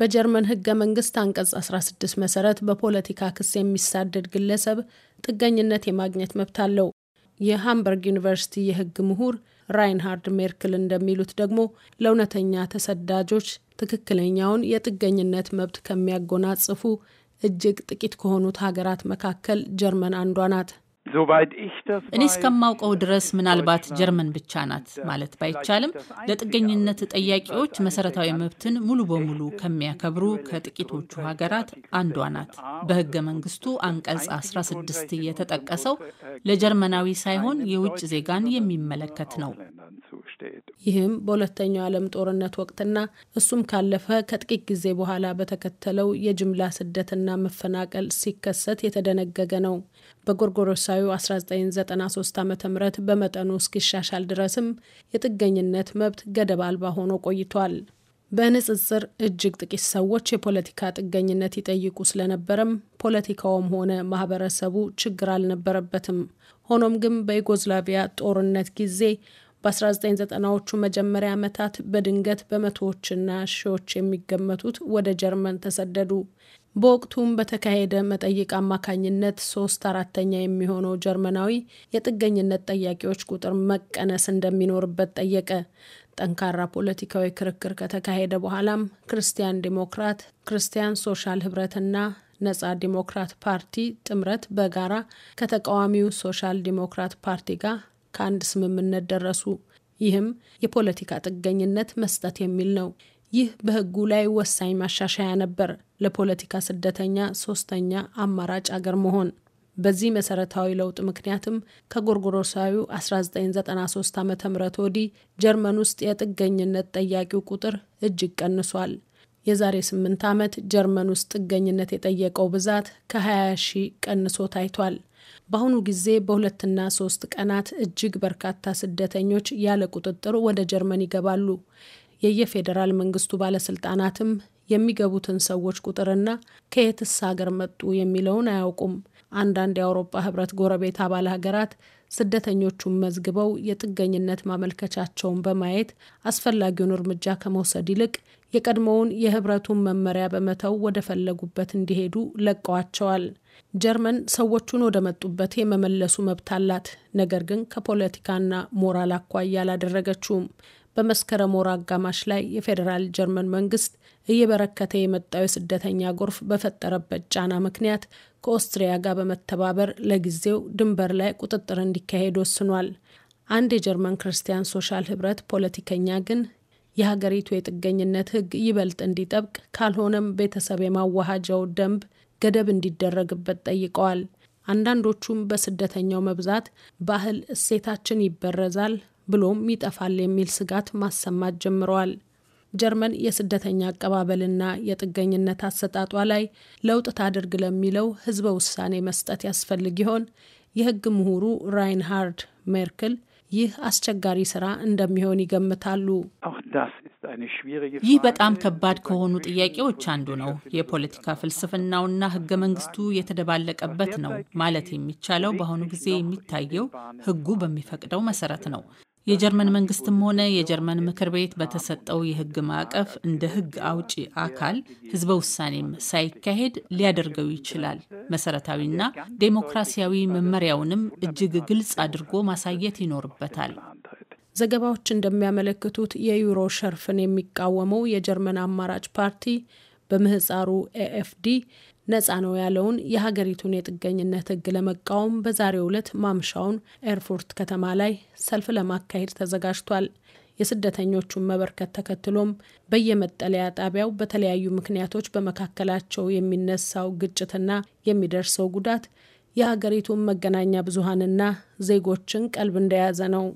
በጀርመን ህገ መንግስት አንቀጽ 16 መሰረት በፖለቲካ ክስ የሚሳደድ ግለሰብ ጥገኝነት የማግኘት መብት አለው። የሃምበርግ ዩኒቨርሲቲ የህግ ምሁር ራይንሃርድ ሜርክል እንደሚሉት ደግሞ ለእውነተኛ ተሰዳጆች ትክክለኛውን የጥገኝነት መብት ከሚያጎናጽፉ እጅግ ጥቂት ከሆኑት ሀገራት መካከል ጀርመን አንዷ ናት። እኔ እስከማውቀው ድረስ ምናልባት ጀርመን ብቻ ናት ማለት ባይቻልም ለጥገኝነት ጠያቂዎች መሰረታዊ መብትን ሙሉ በሙሉ ከሚያከብሩ ከጥቂቶቹ ሀገራት አንዷ ናት። በህገ መንግስቱ አንቀጽ 16 የተጠቀሰው ለጀርመናዊ ሳይሆን የውጭ ዜጋን የሚመለከት ነው። ይህም በሁለተኛው ዓለም ጦርነት ወቅትና እሱም ካለፈ ከጥቂት ጊዜ በኋላ በተከተለው የጅምላ ስደትና መፈናቀል ሲከሰት የተደነገገ ነው። በጎርጎሮሳዊ 1993 ዓ ም በመጠኑ እስኪሻሻል ድረስም የጥገኝነት መብት ገደብ አልባ ሆኖ ቆይቷል። በንጽጽር እጅግ ጥቂት ሰዎች የፖለቲካ ጥገኝነት ይጠይቁ ስለነበረም ፖለቲካውም ሆነ ማህበረሰቡ ችግር አልነበረበትም። ሆኖም ግን በዩጎዝላቪያ ጦርነት ጊዜ በ1990ዎቹ መጀመሪያ ዓመታት በድንገት በመቶዎችና ሺዎች የሚገመቱት ወደ ጀርመን ተሰደዱ። በወቅቱም በተካሄደ መጠይቅ አማካኝነት ሶስት አራተኛ የሚሆነው ጀርመናዊ የጥገኝነት ጠያቂዎች ቁጥር መቀነስ እንደሚኖርበት ጠየቀ። ጠንካራ ፖለቲካዊ ክርክር ከተካሄደ በኋላም ክርስቲያን ዲሞክራት፣ ክርስቲያን ሶሻል ህብረትና ነጻ ዲሞክራት ፓርቲ ጥምረት በጋራ ከተቃዋሚው ሶሻል ዲሞክራት ፓርቲ ጋር ከአንድ ስምምነት ደረሱ። ይህም የፖለቲካ ጥገኝነት መስጠት የሚል ነው። ይህ በህጉ ላይ ወሳኝ ማሻሻያ ነበር፣ ለፖለቲካ ስደተኛ ሶስተኛ አማራጭ አገር መሆን። በዚህ መሰረታዊ ለውጥ ምክንያትም ከጎርጎሮሳዊ 1993 ዓ ም ወዲህ ጀርመን ውስጥ የጥገኝነት ጠያቂው ቁጥር እጅግ ቀንሷል። የዛሬ ስምንት ዓመት ጀርመን ውስጥ ጥገኝነት የጠየቀው ብዛት ከ20 ሺህ ቀንሶ ታይቷል። በአሁኑ ጊዜ በሁለትና ሶስት ቀናት እጅግ በርካታ ስደተኞች ያለ ቁጥጥር ወደ ጀርመን ይገባሉ። የየፌዴራል መንግስቱ ባለስልጣናትም የሚገቡትን ሰዎች ቁጥርና ከየትስ ሀገር መጡ የሚለውን አያውቁም። አንዳንድ የአውሮፓ ህብረት ጎረቤት አባል ሀገራት ስደተኞቹን መዝግበው የጥገኝነት ማመልከቻቸውን በማየት አስፈላጊውን እርምጃ ከመውሰድ ይልቅ የቀድሞውን የህብረቱን መመሪያ በመተው ወደ ፈለጉበት እንዲሄዱ ለቀዋቸዋል። ጀርመን ሰዎቹን ወደ መጡበት የመመለሱ መብት አላት። ነገር ግን ከፖለቲካና ሞራል አኳያ አላደረገችውም። በመስከረም ወር አጋማሽ ላይ የፌዴራል ጀርመን መንግስት እየበረከተ የመጣው የስደተኛ ጎርፍ በፈጠረበት ጫና ምክንያት ከኦስትሪያ ጋር በመተባበር ለጊዜው ድንበር ላይ ቁጥጥር እንዲካሄድ ወስኗል። አንድ የጀርመን ክርስቲያን ሶሻል ህብረት ፖለቲከኛ ግን የሀገሪቱ የጥገኝነት ህግ ይበልጥ እንዲጠብቅ ካልሆነም ቤተሰብ የማዋሃጃው ደንብ ገደብ እንዲደረግበት ጠይቀዋል። አንዳንዶቹም በስደተኛው መብዛት ባህል እሴታችን ይበረዛል ብሎም ይጠፋል የሚል ስጋት ማሰማት ጀምረዋል። ጀርመን የስደተኛ አቀባበልና የጥገኝነት አሰጣጧ ላይ ለውጥ ታድርግ ለሚለው ህዝበ ውሳኔ መስጠት ያስፈልግ ይሆን? የህግ ምሁሩ ራይንሃርድ ሜርክል ይህ አስቸጋሪ ስራ እንደሚሆን ይገምታሉ። ይህ በጣም ከባድ ከሆኑ ጥያቄዎች አንዱ ነው። የፖለቲካ ፍልስፍናውና ህገ መንግስቱ የተደባለቀበት ነው ማለት የሚቻለው በአሁኑ ጊዜ የሚታየው ህጉ በሚፈቅደው መሰረት ነው። የጀርመን መንግስትም ሆነ የጀርመን ምክር ቤት በተሰጠው የህግ ማዕቀፍ እንደ ህግ አውጪ አካል ህዝበ ውሳኔም ሳይካሄድ ሊያደርገው ይችላል። መሰረታዊና ዴሞክራሲያዊ መመሪያውንም እጅግ ግልጽ አድርጎ ማሳየት ይኖርበታል። ዘገባዎች እንደሚያመለክቱት የዩሮ ሸርፍን የሚቃወመው የጀርመን አማራጭ ፓርቲ በምህፃሩ ኤኤፍዲ ነጻ ነው ያለውን የሀገሪቱን የጥገኝነት ህግ ለመቃወም በዛሬው ዕለት ማምሻውን ኤርፎርት ከተማ ላይ ሰልፍ ለማካሄድ ተዘጋጅቷል። የስደተኞቹን መበርከት ተከትሎም በየመጠለያ ጣቢያው በተለያዩ ምክንያቶች በመካከላቸው የሚነሳው ግጭትና የሚደርሰው ጉዳት የሀገሪቱን መገናኛ ብዙኃንና ዜጎችን ቀልብ እንደያዘ ነው።